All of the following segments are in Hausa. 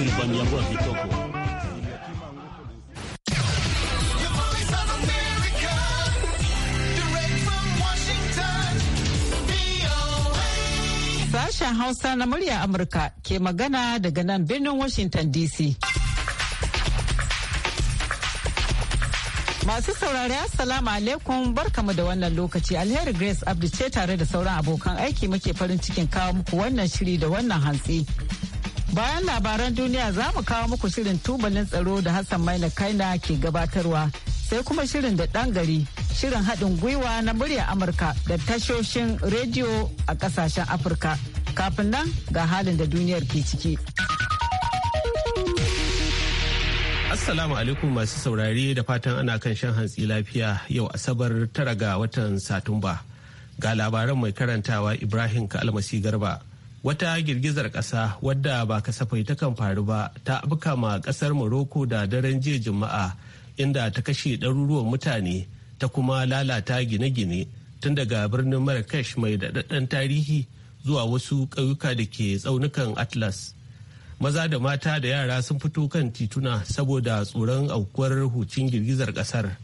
Sashen Hausa na murya Amurka ke magana daga nan birnin Washington DC. Masu saurari Assalamu alaikum barkamu da wannan lokaci alheri Grace Abdu ce tare da sauran abokan aiki muke farin cikin kawo muku wannan shiri da wannan hantsi. Bayan labaran duniya za mu kawo muku shirin tubalin tsaro da Hassan Maina Kaina ke gabatarwa. Sai kuma shirin da ɗan gari, shirin haɗin gwiwa na murya Amurka da tashoshin rediyo a ƙasashen Afirka. Kafin nan ga halin da duniyar ke ciki. Assalamu alaikum masu saurari da fatan ana kan shan hantsi lafiya yau Asabar tara ga watan Satumba. Ga labaran mai karantawa Ibrahim Kalmasi Garba. wata girgizar ƙasa wadda ba kasafai ta kan faru ba ta abuka ma ƙasar morocco da daren jiya juma'a inda ta kashe ɗaruruwan mutane ta kuma lalata gine-gine tun daga birnin marrakesh mai daɗaɗɗen tarihi zuwa wasu ƙauyuka da ke tsaunukan atlas maza da mata da yara sun fito kan tituna saboda tsoron aukuwar hucin girgizar ƙasar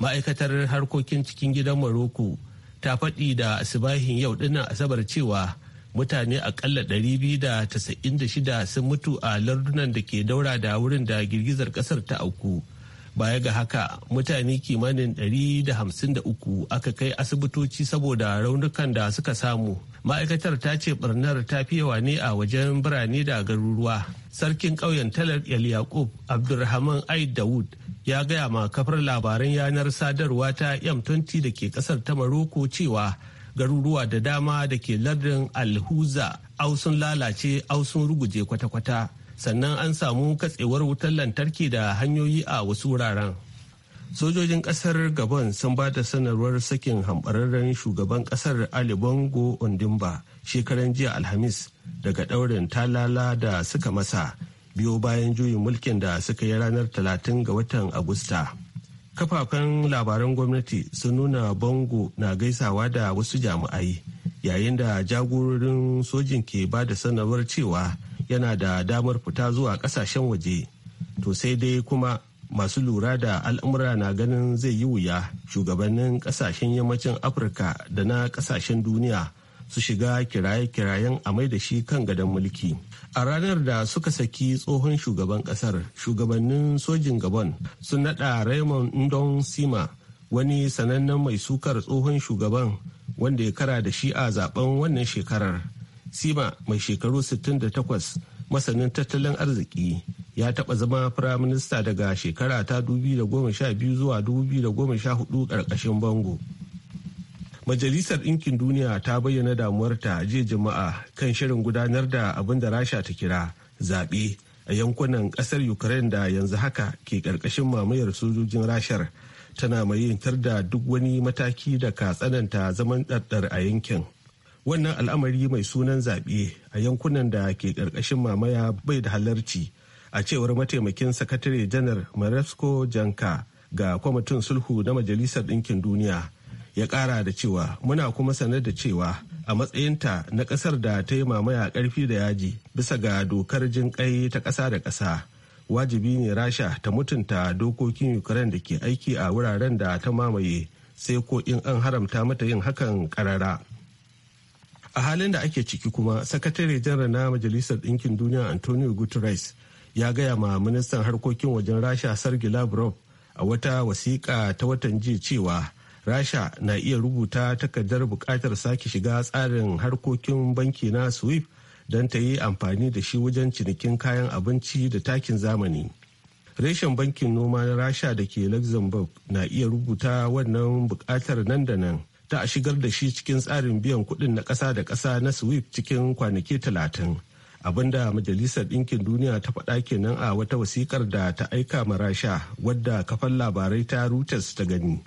ma'aikatar harkokin cikin gidan morocco ta faɗi da asibahin yau dinnan asabar cewa mutane akalla 296 sun mutu a lardunan da ke daura da wurin da girgizar kasar ta auku baya ga haka mutane kimanin 153 aka kai asibitoci saboda raunukan da suka samu ma'aikatar ta ce barnar ta fi yawa ne a wajen birane da garuruwa sarkin ƙauyen talar el yakub abdulrahman dawud ya gaya ma kafar labaran yanar sadarwa ta m20 da ke kasar ta maroko cewa garuruwa da dama da ke lardin alhuza au sun lalace au sun ruguje kwata-kwata sannan an samu katsewar wutar lantarki da hanyoyi a wasu wuraren sojojin kasar gabon sun ba da sanarwar sakin hambararren shugaban kasar ali bongo ondimba shekaran jiya alhamis daga daurin talala da suka masa biyo bayan juyin mulkin da suka yi ranar 30 ga watan agusta kafafen labaran gwamnati sun nuna bongo na gaisawa da wasu jami'ai yayin da jagororin sojin ke ba da sanarwar cewa yana da damar fita zuwa kasashen waje to sai dai kuma masu lura da al'amura na ganin zai yi wuya shugabannin kasashen yammacin afirka da na kasashen duniya su shiga kiraye-kirayen amai da shi kan gadon mulki a ranar da suka saki tsohon shugaban kasar shugabannin sojin gabon sun naɗa raymond ndon sima wani sanannen mai sukar tsohon shugaban wanda ya kara da shi a zaben wannan shekarar sima mai shekaru 68 masanin tattalin arziki ya taɓa zama firaminista daga shekara ta 2012 zuwa 2014 ƙarƙashin bango majalisar ɗinkin duniya ta bayyana damuwarta jiya jama'a kan shirin gudanar da abin da rasha ta kira zaɓe a yankunan ƙasar ukraine da yanzu haka ke ƙarƙashin mamayar sojojin rashar tana mai yintar da duk wani mataki da ka tsananta zaman ɗaɗɗar a yankin wannan al'amari mai sunan zaɓe a yankunan da ke ƙarƙashin mamaya bai da halarci a cewar mataimakin sakatare janar maresco janka ga kwamitin sulhu na majalisar ɗinkin duniya ya kara da cewa muna kuma sanar da cewa a matsayinta na kasar da ta yi mamaya karfi da yaji bisa ga dokar jin kai ta kasa da kasa wajibi ne rasha ta mutunta dokokin ukraine da ke aiki a wuraren da ta mamaye sai ko in an haramta mata yin hakan karara a halin da ake ciki kuma sakatare janar na majalisar ɗinkin duniya antonio guterres ya gaya ma ministan harkokin wajen rasha sergei lavrov a wata wasiƙa ta watan jiya cewa rasha na iya rubuta takardar bukatar sake shiga tsarin harkokin banki na swift don ta yi amfani da shi wajen cinikin kayan abinci da takin zamani reshen bankin noma na rasha da ke luxembourg na iya rubuta wannan bukatar nan da nan ta a shigar da shi cikin tsarin biyan kuɗin na ƙasa da ƙasa na swift cikin kwanaki talatin abinda majalisar ɗinkin duniya ta faɗa kenan a wata wasikar da ta aika ma rasha wadda kafan labarai ta reuters ta gani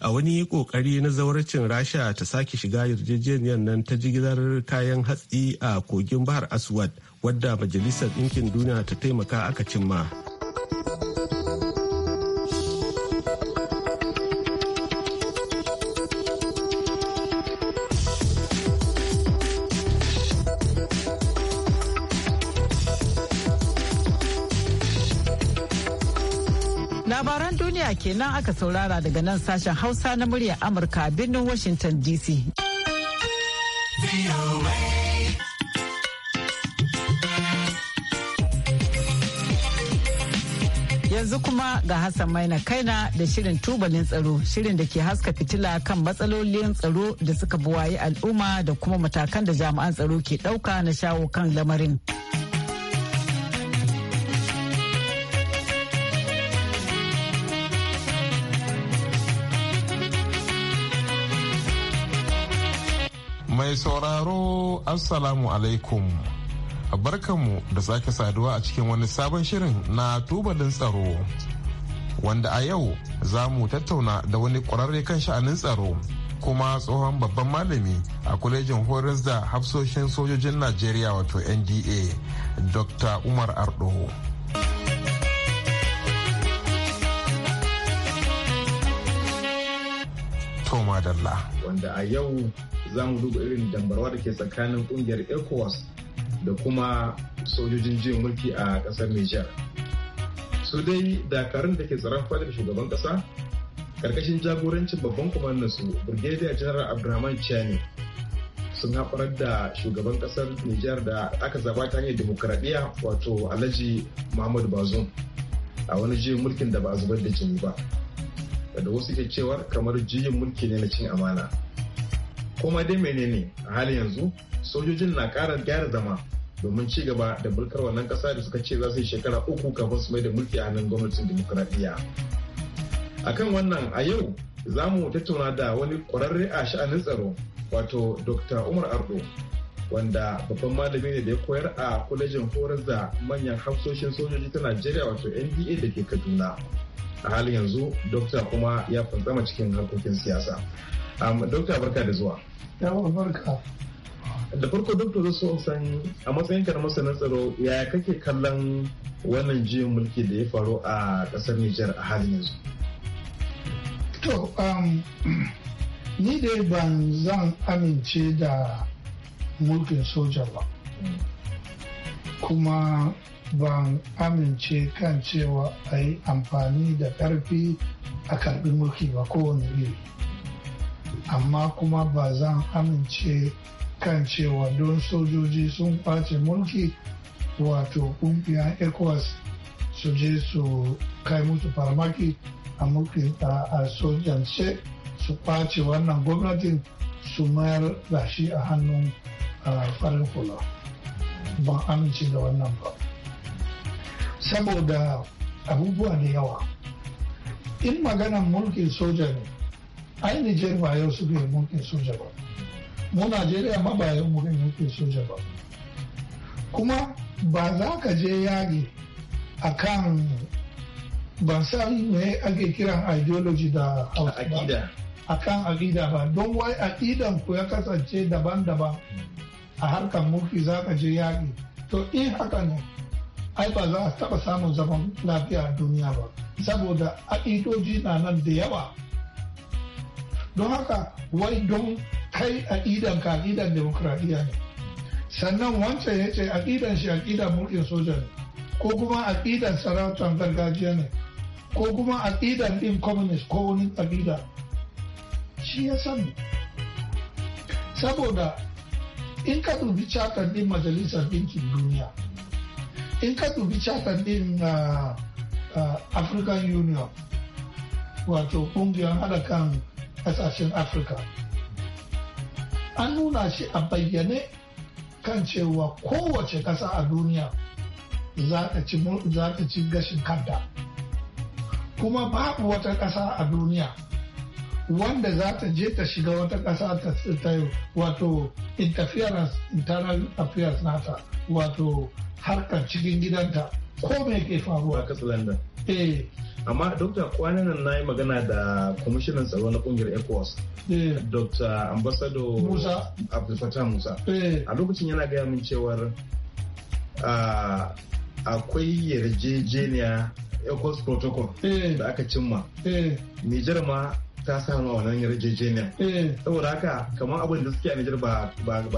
a wani kokari na zauracin rasha ta sake shiga yarjejeniyar nan ta jigilar kayan hatsi a kogin bahar aswad wadda majalisar ɗinkin duniya ta taimaka aka cimma duniya kenan aka saurara daga nan sashen Hausa na muryar Amurka birnin Washington DC. Yanzu kuma ga Hassan Maina Kaina da shirin tubalin tsaro, shirin da ke haska fitila kan matsalolin tsaro da suka buwayi al'umma da kuma matakan da jami'an tsaro ke ɗauka na shawo kan lamarin. Mai sauraro Assalamu alaikum. Barkanmu da sake saduwa a cikin wani sabon shirin na tubalin tsaro. Wanda a yau za mu tattauna da wani ƙwararre kan sha'anin tsaro kuma tsohon babban malami a kwalejin horis da hafsoshin sojojin Najeriya wato NDA, Dr. Umar Ardo. Wanda a yau za mu duba irin dambarwa da ke tsakanin kungiyar ecowas da kuma sojojin jiya mulki a kasar niger su dai dakarun da ke tsaron fadar shugaban kasa karkashin jagorancin babban kwamandan su brigadier general abdulrahman chani sun haɓarar da shugaban kasar niger da aka zaba ta hanyar demokradiyya wato alhaji muhammadu bazoum a wani juyin mulkin da ba a zubar da jini ba da wasu ke cewar kamar jiyin mulki ne na cin amana koma dai menene a halin yanzu sojojin na ƙara gyara zama domin ci gaba da bulkar wannan ƙasa da suka ce za su yi shekara uku kafin su mai da mulki a nan gwamnatin demokuraɗiyya kan wannan a yau za mu tattauna da wani ƙwararre a sha'anin tsaro wato dr umar ardo wanda babban malami ne da ya koyar a kwalejin horar da manyan hafsoshin sojoji ta najeriya wato nba da ke kaduna a halin yanzu dokta kuma ya fantsama cikin harkokin siyasa Dokta barka da zuwa. Yawon barka. Da farko dokta zai so san a matsayin na masanin tsaro yaya kake kallon wannan jiyan mulki da ya faru a ƙasar Nijar a halin yanzu. To, ni dai ban zan amince da mulkin soja ba. Kuma ban amince kan cewa a yi amfani da ƙarfi a karɓi mulki ba kowane iri. amma kuma ba zan amince kan cewa don sojoji sun kwace mulki wato kungiyar ecowas su je su kai musu farmaki a mulkin a sojance su kwace wannan gwamnatin su mayar da shi a hannun farin hula ban amince da wannan ba saboda abubuwa da yawa in maganan mulkin soja ne ai Nijar ba yau suka soja ba mu Najeriya ma ba yau muka yi soja ba kuma ba za ka je yagi a kan ban san me ake kiran ideology da hausa a kan aƙida ba don wai aƙidan ku ya kasance daban-daban a harkar mulki za ka je yaƙi to in haka ne ai ba za a taɓa samun zaman lafiya a duniya ba saboda aƙidoji na nan da yawa don haka wai don kai aƙidan ka aƙidan demokradiyya ne sannan wancan ya ce aƙidan shi aƙidan mulkin soja ne ko kuma aƙidan sarautar gargajiya ne ko kuma aƙidan ɗin communist ko wani aƙida shi ya sani saboda in ka dubi chatar ɗin majalisar ɗinkin duniya in ka dubi chatar ɗin ah, ah, african union wato ƙungiyar haɗa kan ƙasashen afirka an nuna shi a bayyane kan cewa kowace ƙasa a duniya za ta ci gashin kanta kuma babu wata ƙasa a duniya wanda za ta je ta shiga wata ƙasa ta wato interference internal affairs nata wato harkar cikin gidanta ko mai ke faruwa eh amma dokta kwanan nan na yi magana da kwamishinan tsaro na kungiyar ecowas eh. Dokta ambassador musa abdulfata musa eh. a lokacin yana gaya min cewar akwai yarjejeniya ecowas protocol eh. da aka cimma nijar ma ta samu a wannan yarjejeniya. Saboda haka kamar abin da suke a Nijar ba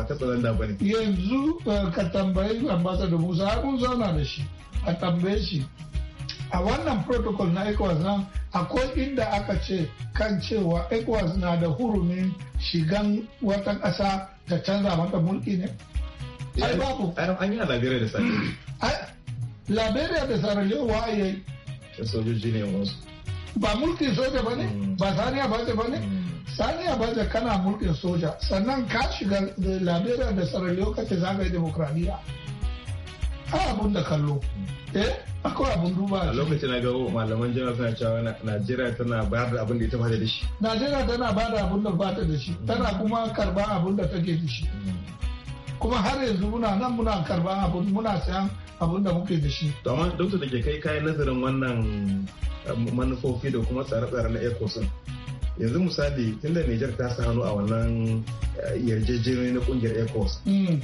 ta tsaron da bane. Yanzu ka tambayi ambasado Musa kun zauna da shi a tambaye shi a wannan protocol na ecowas nan akwai inda aka ce kan cewa ecowas na da hurumin shigan wata ƙasa da canza mata mulki ne ai babu an yi a liberia da sarari. liberia da sarari sarajevo wa yayi sojoji ne wasu ba mulkin soja ba ne mm. ba saniya ba ba ne mm. saniya ba kana mulkin soja sannan ka shiga liberia da sarari sarajevo kace zagaye demokradiyya a abun da kallo eh akwai abun duba a lokacin na gaba malaman jami'a suna cewa najeriya tana bayar da abin da ita bada da shi najeriya tana bayar da abin da ba da shi mm. tana kuma karba abin da take da shi mm. kuma har yanzu muna nan muna karba abin muna sayan abin da muke da shi to amma dokta da ke kai kayan nazarin wannan eh, manufofi da kuma tsare-tsare na ecosun yanzu misali da Niger ta sa hannu a wannan eh, yarjejeniyar na kungiyar ecos mm.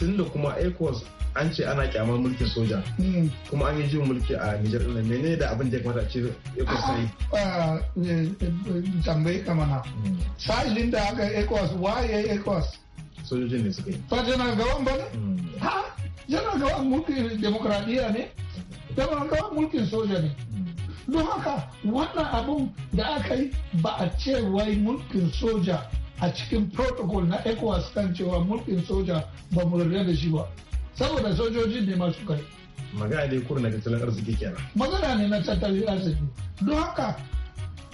da kuma ecos an ce ana kyamar mulkin soja hmm. kuma an yi jin mulki a Nijar ɗin nan menene da abin da ya kamata ce ya ta yi ah, ah, eh, eh, eh, tambayi kamana hmm. Sajin da aka ECOWAS yi ECOWAS sojojin ne suka yi fa jana gawan ba ne hmm. ha jana gawan mulkin demokradiyya ne jana gawan mulkin soja ne don haka wannan abun da aka yi ba a ce wai mulkin soja a cikin protocol na ecowas kan cewa mulkin soja ba mu da shi ba saboda sojoji ne masu kai magana ne kurna tattalin arziki kenan magana ne na tattalin arziki don haka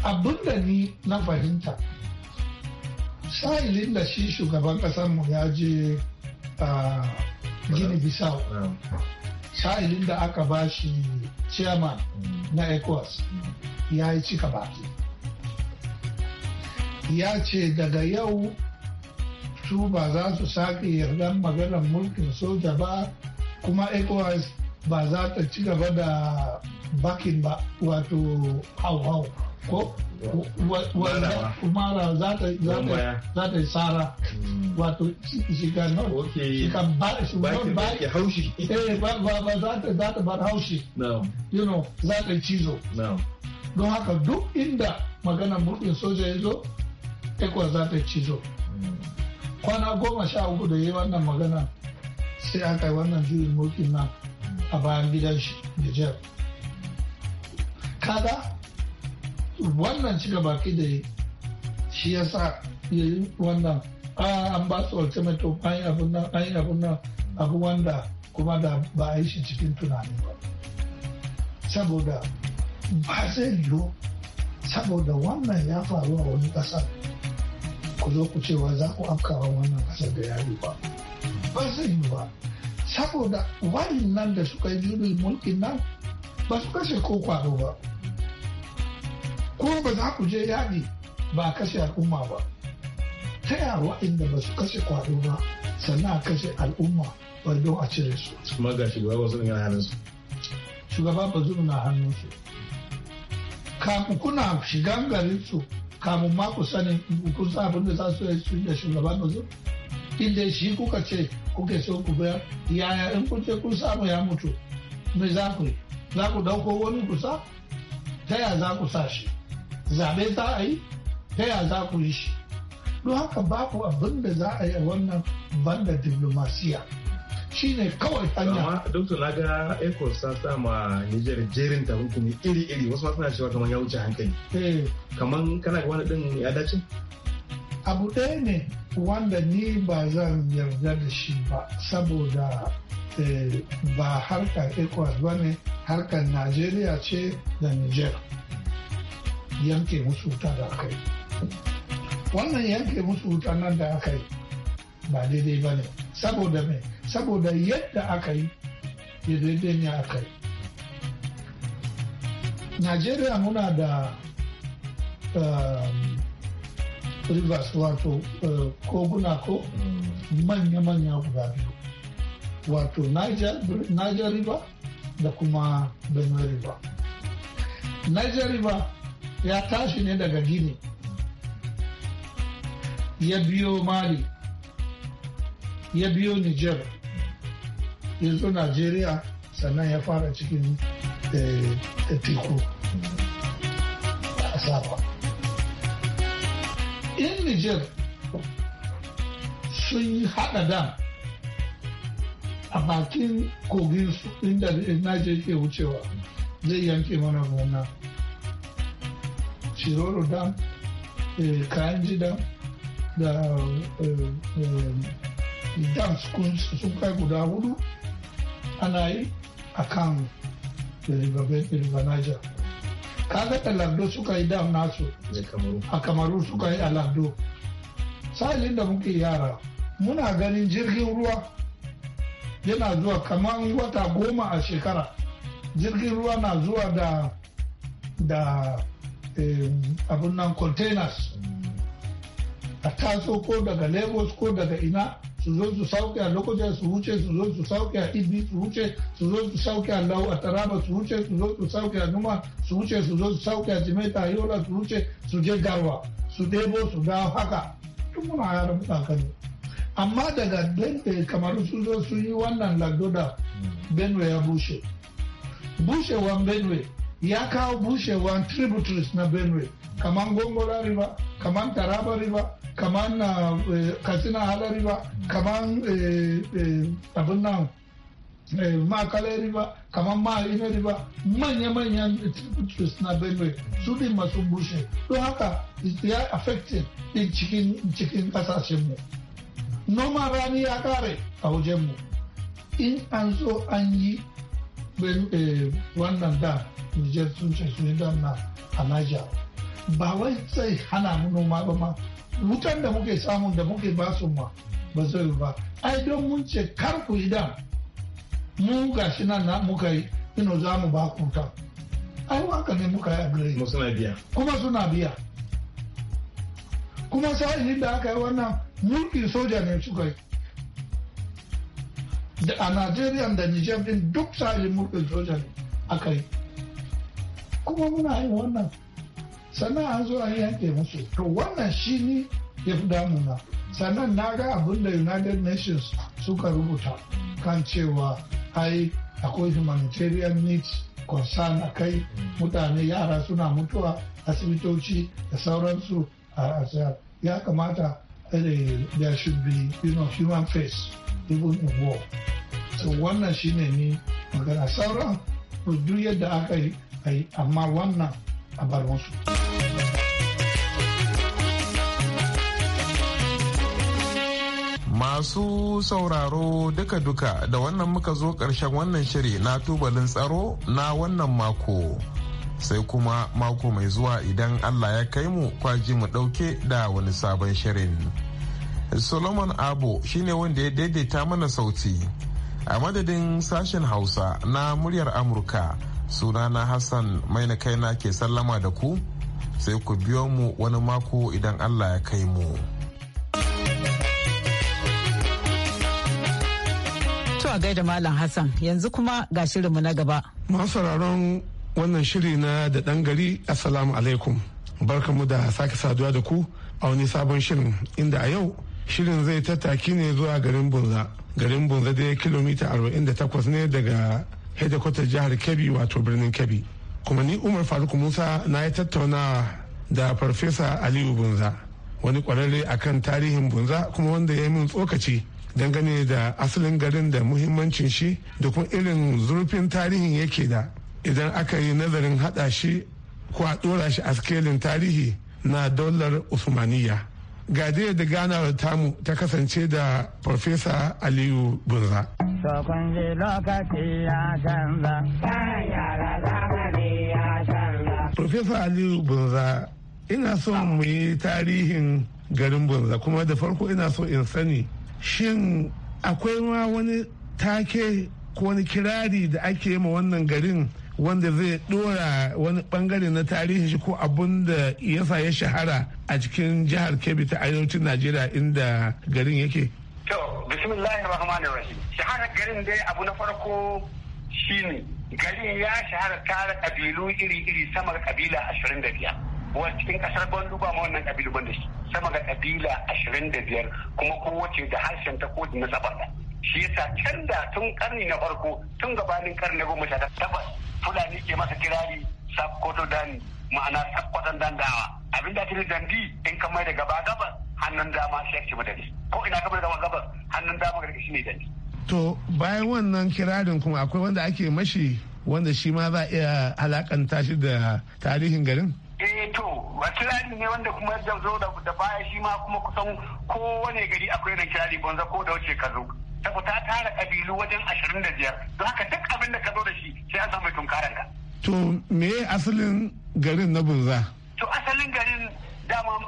abin da ni na fahimta sa'ilin da shi shugaban mu ya je gini bisau sa'ilin da aka ba shi chairman mm. na ecowas ya yi cika baki ya ce daga yau su ba za su sake yardar maganar mulkin soja ba kuma ecowas ba za ta ci gaba da bakin ba wato hau-hau ko mara za ta yi tsara hmm. wato shiga nan shiga ba haushi ba za ta bar haushi you know za ta yi cizo don haka duk inda maganar mulkin soja ya zo ecowas za ta cizo hmm. kwana goma sha uku da yi wannan magana sai aka yi wannan juyin mulkin nan a bayan gidan shi Nijar. Kada wannan ci gaba da shi ya sa ya yi wannan an ba su ultimatum an yi abun nan an yi nan abu wanda kuma da ba a yi shi cikin tunani ba. Saboda ba zai yiwu saboda wannan ya faru a wani ƙasar. ku zo ku cewa za ku afkawa wannan kasar da yari ba ba su yi ba saboda wani nan da suka yi juri mulkin nan ba su kashe ko kwaro ba ko ba za ku je yari ba kashe al'umma ba ta yawa inda ba su kashe kwaro ba sannan a kashe al'umma ba don a cire su kuma ga shugaba ba su na hannun su shugaba ba na hannun kafin kuna shigan garinsu su kamun ma ku sani kun san abin da za su yi da shugaban da inda shi kuka ce kuke so ku bayar yaya in kun ce kun samu ya mutu me za ku yi za ku dauko wani kusa ta ya za ku sa shi zaɓe za a yi ta ya za ku yi shi don haka babu abin da za a yi a wannan banda diplomasiya. shi ne kawai hanya. Dokta na Naga Ecos ta sa ma Nijar jerin takunkumi iri-iri wasu ma suna cewa kamar ya wuce hankali. Eh. Kamar kana ga wani ɗin ya dace? Abu ɗaya ne wanda ni ba zan yarda da shi ba saboda eh, ba harkar Ecos ba ne harkar Najeriya ce da Nijar. Yanke musu wuta da aka yi. Wannan yanke musu wuta nan da aka yi ba daidai ba ne. saboda mai saboda yadda aka yi ya aka yi najeriya muna da um, rivers wato uh, koguna ko mm. manya-manya guda biyu wato niger river da kuma benue river niger river ya tashi ne daga gini ya biyo mali ya biyo niger ya zo najeriya sannan ya fara cikin teku a in niger sun yi hada dam a bakin kogin inda naje ke wucewa zai yanke mana gona shiroro dam eh, kayan dam da eh, eh, dance su sun kai guda hudu ana yi a kan Niger. kaga da lando suka yi dam nasu a kamaru suka yi a lando sa'ilin da muke yara muna ganin jirgin ruwa yana zuwa kamar wata goma a shekara jirgin ruwa na zuwa da da abunan nan containers mm. a taso ko daga lagos ko daga ina su zo su sauke a lokutan su wuce su su sauke a ibi su wuce su zo su sauke a lau a taraba su wuce su su sauke a numa su wuce su zo su sauke a jimeta yola su wuce su garwa sudebo debo su dawo haka tun muna yara muna kano amma daga dente kamar suzo zo yi wannan lagoda hmm. benue ya bushe Bushe bushewan benue ya kawo Bushe bushewan tributaries na benue kaman gongola river kaman taraba river kamar na eh, katsina halari ba kamar eh, eh, abin nan ma kalari ba kamar ma inari ba manya-manyan tributaries na benue su din masu bushe don haka ya affected din cikin kasashenmu noma rani ya kare a wajenmu in an zo an yi wannan da nijar sun ce sun yi a niger ba wai sai hana mu noma ba ma wutan da muke samun da muke su ma ba zai ba ai don mun ce kar ku yi da mu shi nan na muka yi ino za mu ba ku ta ai waka ne muka yi agree suna biya kuma suna biya kuma sa'ilin da aka yi wannan mulkin soja ne suka yi da a Najeriya da niger din duk sa'ilin mulkin soja ne aka yi kuma muna yi wannan sannan an zo an yanke musu to wannan shi ne ya fi damuna sannan na ga abin da united nations suka rubuta kan cewa ai akwai humanitarian needs concern a kai mutane yara suna mutuwa asibitoci da sauransu a ya kamata eh, there should be you know, human face even in war so wannan shi ne ni magana sauran duk yadda aka yi amma wannan a bar musu. Masu sauraro duka-duka da wannan muka zo ƙarshen wannan shiri na tubalin tsaro na wannan mako. Sai kuma mako mai zuwa idan Allah ya kai mu kwaji mu ɗauke da wani sabon shirin. Solomon Abo shine wanda ya daidaita mana sauti. A madadin sashen Hausa na muryar Amurka, sunana Hassan mai na kaina ke sallama da ku, sai ku biyo mu wani mako idan Allah ya kai mu. To a gaida Malam Hassan yanzu kuma ga shirinmu na gaba. sauraron wannan shiri na da ɗan gari Assalamu alaikum. Barkamu da sake saduwa da ku a wani sabon shirin inda a yau shirin zai tattaki ne zuwa garin Bunza. Garin Bunza dai kilomita arba'in da 48 ne daga hedikwatar jihar Kebbi wato birnin Kebbi. Kuma ni Umar Faruk Musa na ya tattauna da Farfesa Aliyu Bunza. Wani kwararre akan tarihin Bunza kuma wanda ya yi min tsokaci dangane da asalin garin da muhimmancin shi da kuma irin zurfin tarihin yake da idan aka yi nazarin hada shi ko a dora shi a skelin tarihi na dollar usmaniya ga da ganawar tamu ta kasance da farfesa aliyu burza Profesa Aliyu Bunza ina so mu yi tarihin garin bunza kuma da farko ina so in sani shin akwai ma wani take ko wani kirari da ake ma wannan garin wanda zai dora wani bangare na tarihi shi ko abun da yasa ya shahara a cikin jihar kebbi ta arewacin najeriya inda garin yake to bismillahir rahmanir rahim shaharar garin dai abu na farko shine garin ya shahara tara kabilu iri-iri samar kabila ashirin da biyar wani cikin kasar gwandu ba ma wannan kabilu ba sama ga kabila ashirin da biyar kuma kowace da harshen ta ko na da shi yasa can da tun karni na farko tun gabanin karni na goma sha takwas fulani ke masa kirari sakkoto dani ma'ana sakkwatan dandawa abin da kiri dandi in ka mai da gaba gabas hannun dama shi ake madadi ko ina ka mai da gaba gabas hannun dama ga shi ne dandi. to bayan wannan kirarin kuma akwai wanda ake mashi wanda shi ma za a iya alakanta shi da tarihin garin? to kirari ne wanda kuma ya zo da baya shi ma kuma kusan kowane gari akwai irin kirari banza ko da wuce ka zo Sabu ta tara kabilu wajen ashirin da biyar don haka duk abin da ka zo da shi sai an samu tunkaran ka. to me asalin garin na bunza. to asalin garin dama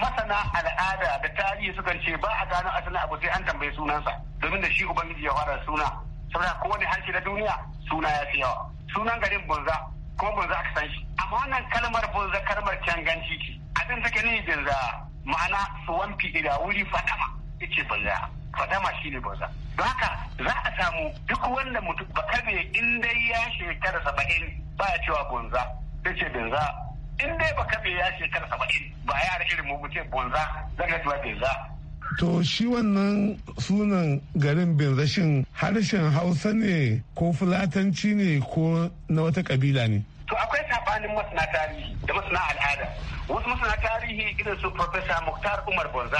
masana al'ada da tarihi sukan ce ba a gano asalin abu sai an tambayi sunansa domin da shi ubangiji ya fara suna saboda kowane harshe na duniya suna ya fi yawa sunan garin bunza ko ba za ka san shi amma wannan kalmar banza kalmar ganci ce abin take ne banza ma'ana su wanfi da wuri fadama yace banza fadama shine banza don haka za a samu duk wanda mutum ba kabe in dai ya shekara saba'in ba ya cewa banza ce banza in dai ba kabe ya shekara saba'in ba ya da irin mu ce banza zaka cewa banza To shi wannan sunan garin Benzashin harshen Hausa ne ko Fulatanci ne ko na wata kabila ne? tsakanin masana tarihi da masana al'ada wasu masana tarihi irin su profesa muktar umar bonza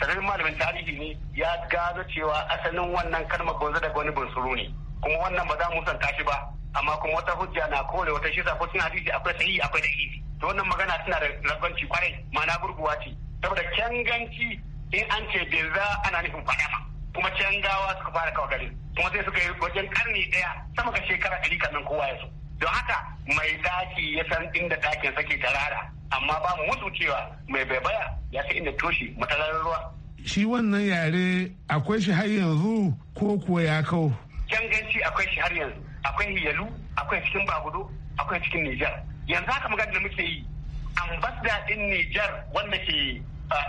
sanarin malamin tarihi ne ya gado cewa asalin wannan kalmar bonza daga wani bunsuru ne kuma wannan ba za mu san shi ba amma kuma wata hujja na kowane wata shi ko suna hadisi akwai sahihi akwai dalili to wannan magana tana da rabanci kwarai ma'ana gurguwa ce saboda kyanganci in an ce benza ana nufin fadama kuma gawa suka fara kawo gari kuma sai suka yi wajen karni ɗaya sama ga shekara ɗari kamin kowa ya so don haka mai daki ya san inda dakin sake tarara amma ba mu mutu cewa mai baya ya san inda toshi matsalar ruwa shi wannan yare akwai shi har yanzu ko kuwa ya kau ganci akwai shi har yanzu akwai hiyalu akwai cikin bagudo akwai cikin nijar yanzu haka magana da muke yi ambasda din nijar wanda ke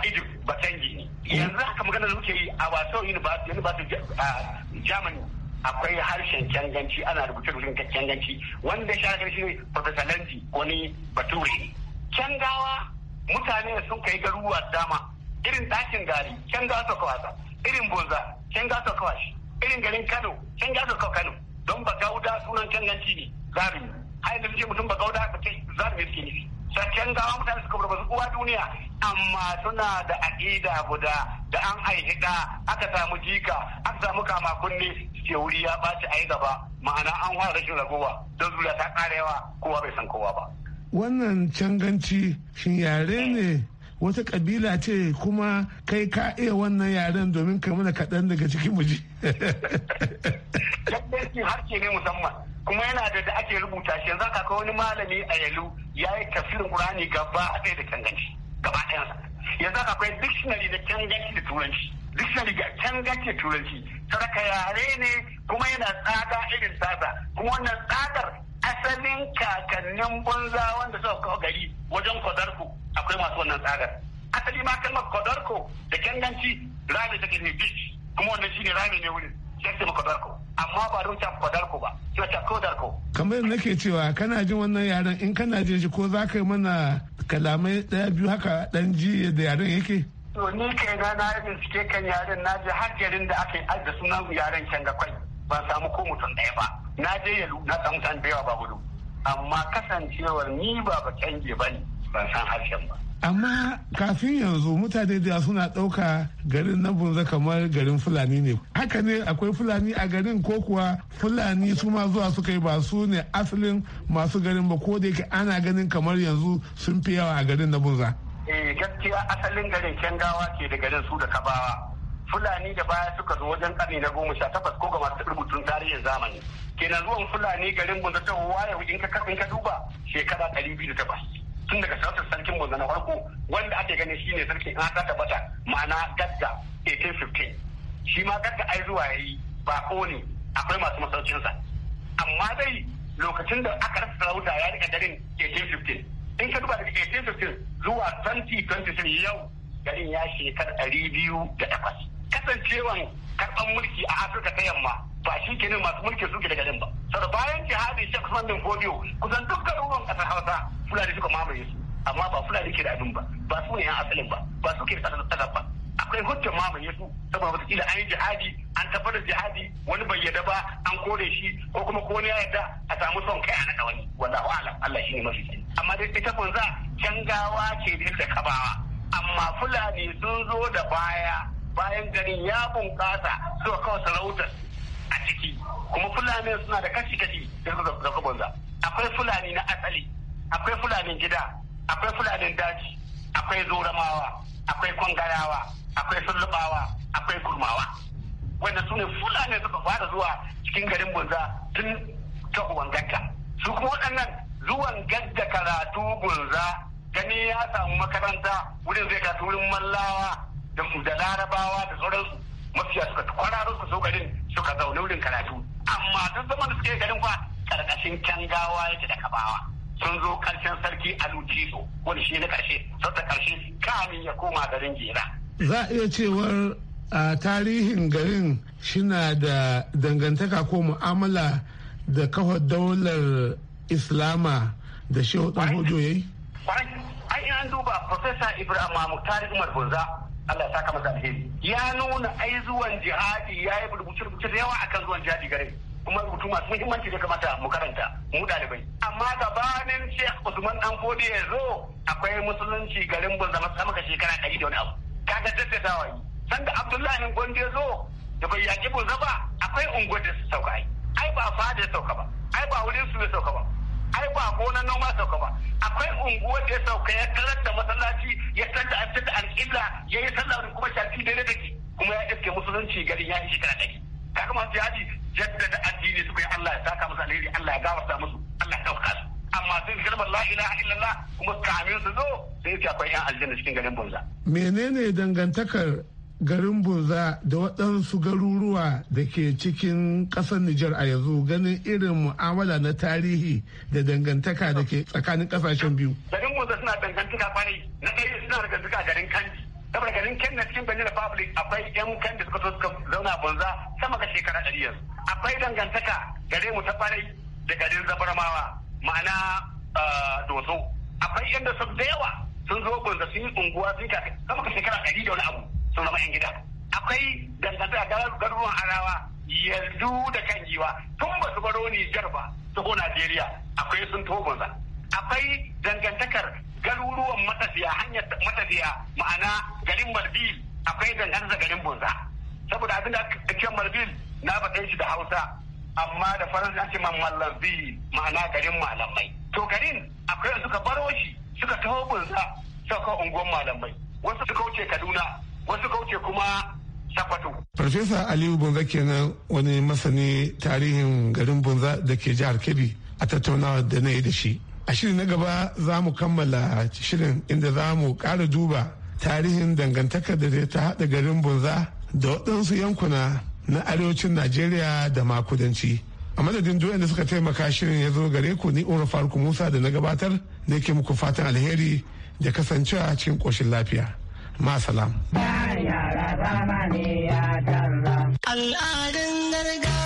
egypt ba ne mm. yanzu haka magana da muke yi a wasan ba a germany akwai harshen kyanganci ana rubuce rubutun kyanganci wanda shakar shi ne professor lanzi wani ni bature kyangawa mutane sun kai garuruwa dama irin ɗakin gari ga suka wasa irin bonza ga suka washi irin garin kano ga suka kano don ba gauda sunan kyanganci ne zabi har yanzu mutum ba gauda ka ce suke ne Saccen gawa mutane suka su uwa duniya amma suna da aƙida guda da an haihi da aka samu jika aka samu kama kunne suke wuri ya ɓaci a yi gaba ma'ana an fara rashin ragowa don zuwa ta karewa kowa bai san kowa ba. Wannan canganci shin yare ne wata kabila ce kuma kai ka iya wannan yaren domin ka mana kaɗan daga cikin muji. Canganci harshe ne musamman kuma yana da da ake rubuta shi yanzu haka wani malami a yalu ya yi tafsirin qur'ani gaba ɗaya da kanganci gaba ɗayansa yanzu haka akwai dictionary da kanganci da turanci dictionary ga kanganci da turanci saraka yare ne kuma yana tsada irin tsada kuma wannan tsadar asalin kakannin banza wanda suka kawo gari wajen kwadarku akwai masu wannan tsadar asali ma kalmar kwadarko da kanganci rami take ne kuma wannan shine rami ne wurin sai mu kodarko amma ba don ta kodarko ba ta ta kodarko kamar yadda nake cewa kana jin wannan yaren in kana jin shi ko za ka yi mana kalamai daya biyu haka dan ji da yaren yake to ni kai na na bincike kan yaren na ji har yarin da aka yi da sunan yaren can ga kwai ban samu ko mutum ɗaya ba na je yalu na samu san da yawa ba gudu amma kasancewar ni ba ba canje ba ne ban san harshen ba amma kafin yanzu mutane da suna ɗauka garin na bunza kamar garin fulani ne haka ne akwai fulani a garin ko kuwa fulani su ma zuwa suka yi ba su ne asalin masu garin ba ko da yake ana ganin kamar yanzu sun fi yawa a garin na bunza eh gaskiya asalin garin kengawa ke da garin su da kabawa fulani da baya suka zo wajen ƙarni na goma sha takwas ko ga masu rubutun tarihin zamani kenan zuwan fulani garin bunza ta waye in ka duba shekara ɗari biyu da takwas tun daga sarautar sarkin wanzu na farko wanda ake gani shine sarkin an ta tabbata ma'ana gadda 1815 shi ma gadda ai zuwa yayi ba ne akwai masu masaukinsa amma dai lokacin da aka rasa sarauta ya rika garin 1815 in ka duba daga 1815 zuwa 2023 yau garin ya shekar 208 kasancewan karɓar mulki a afirka ta yamma ba shi kenan masu mulki suke da nan ba sau bayan jihadi shek usman bin fodiyo kusan dukkan ruwan kasar hausa fulani suka mamaye su amma ba fulani ke da abin ba ba su ne yan asalin ba ba su ke da ba akwai hujjar mamaye su saboda wataƙila an yi jihadi an tabbatar jihadi wani bai yadda ba an kore shi ko kuma ko wani ya yarda a samu son kai a naɗa wani a alam Allah shi ne mafi amma dai ita kunza cangawa ce da kabawa amma fulani sun zo da baya bayan garin ya bunƙasa suka kawo sarautar a ciki kuma fulani suna da kashi kashi da suka banza akwai fulani na asali akwai fulanin gida akwai fulanin daji akwai zoramawa akwai kwangarawa akwai sullubawa akwai gurmawa. wanda su ne fulani suka fara zuwa cikin garin bunza tun ta uwanganta su kuma waɗannan zuwan gadda karatu gunza, gani ya samu makaranta wurin zai karatu wurin mallawa da larabawa da sauransu mafiya suka kwararo su so garin suka zaune wurin karatu amma duk zaman da suke garin fa karkashin kyangawa yake da kabawa sun zo karshen sarki lutiso wani shi na karshe da karshe kamin ya koma garin jera za a iya cewar a tarihin garin shina da dangantaka ko mu'amala da kafa daular islama da shehu dan hojo yayi an duba professor ibrahim muktar umar gunza Allah ya saka masa alheri ya nuna ai zuwan jihadi ya yi rubuce rubuce da yawa akan zuwan jihadi gare kuma rubutu masu muhimmanci da kamata mu karanta mu ɗalibai. amma gabanin Sheikh Usman Dan Fodi ya zo akwai musulunci garin Bunza ka shekara ɗari da wani abu kaga daddadawa san sanda Abdullahi Gondo ya zo da bai yaki Bunza ba akwai unguwar da su sauka ai ba fa da sauka ba ai ba wurin su da sauka ba ai ba gonan noma sauka ba akwai unguwa da ya sauka ya tarar da masallaci ya san da an da alƙibla ya yi sallah da kuma shafi daidai da ke kuma ya iske musulunci garin ya yi shekara ɗari kaga masu yaji jaddada addini suka kai Allah ya saka musu alheri Allah ya gafarta musu Allah ya ɗauka su amma sun kalmar la ilaha illallah kuma kamin su zo sai su akwai yan aljanna cikin garin banza menene dangantakar garin bunza da waɗansu garuruwa da ke cikin ƙasar Nijar a yanzu ganin irin mu'amala na tarihi da dangantaka da ke tsakanin ƙasashen biyu. Garin bunza suna dangantaka kwanai na ɗaya suna dangantaka garin Kandi. Saboda garin Kandi na cikin Benin Republic akwai 'yan Kandi suka zo suka zauna bunza sama ga shekara ɗari yanzu. Akwai dangantaka gare mu ta kwanai da garin Zabarmawa ma'ana ah, Doso. Akwai 'yan da su da yawa sun zo bunza sun yi unguwa sun kaka sama ga shekara ɗari da wani abu. sun zama 'yan gida akwai dangantaka garuruwan arawa yanzu da kan giwa tun ba su baro Nijar ba su Najeriya akwai sun togonza akwai dangantakar garuruwan matafiya hanyar matafiya ma'ana garin Marbil akwai dangantar garin bunza saboda abin da aka ce Marbil na faɗe shi da Hausa amma da Faransanci man mallabi ma'ana garin malamai to garin akwai suka baro shi suka taho Bonza suka unguwan malamai wasu suka wuce Kaduna wasu kauce kuma sakwato. Farfesa Aliyu Bunza kenan wani masani tarihin garin Bunza da ke jihar Kebbi a tattaunawa da na yi da shi. A shirin na gaba za mu kammala shirin inda za mu ƙara duba tarihin dangantaka da ta haɗa garin Bunza da waɗansu yankuna na arewacin Najeriya da ma A madadin duk da suka taimaka shirin ya zo gare ku ni Umar Faruk Musa da na gabatar da ke muku fatan alheri da kasancewa cikin koshin lafiya. masalam. Al'adun gargajiya.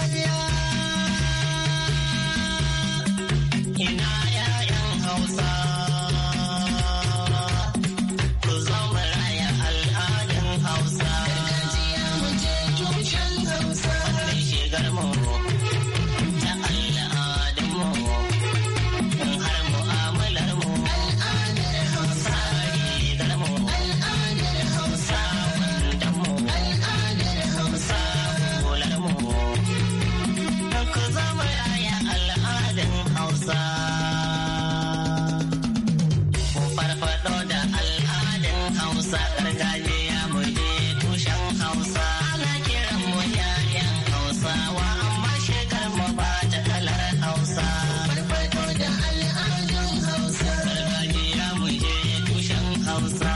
time.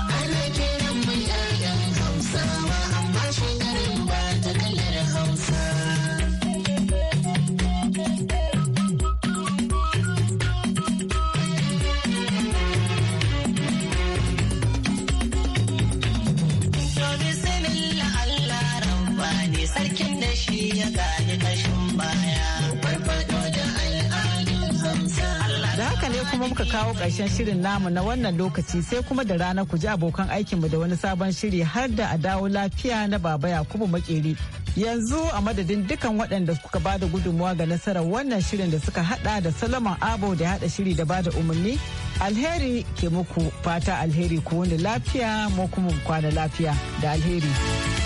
karshen shirin namu na wannan lokaci sai kuma da rana ku ji abokan aikinmu da wani sabon shiri har da a dawo lafiya na baba Yakubu Makeri. Yanzu a madadin dukan waɗanda kuka bada gudunmuwa ga nasarar wannan shirin da suka hada da Salaman Abo da hada shiri da bada umarni. Alheri ke muku fata alheri ku wani lafiya mu kuma kwana lafiya da alheri.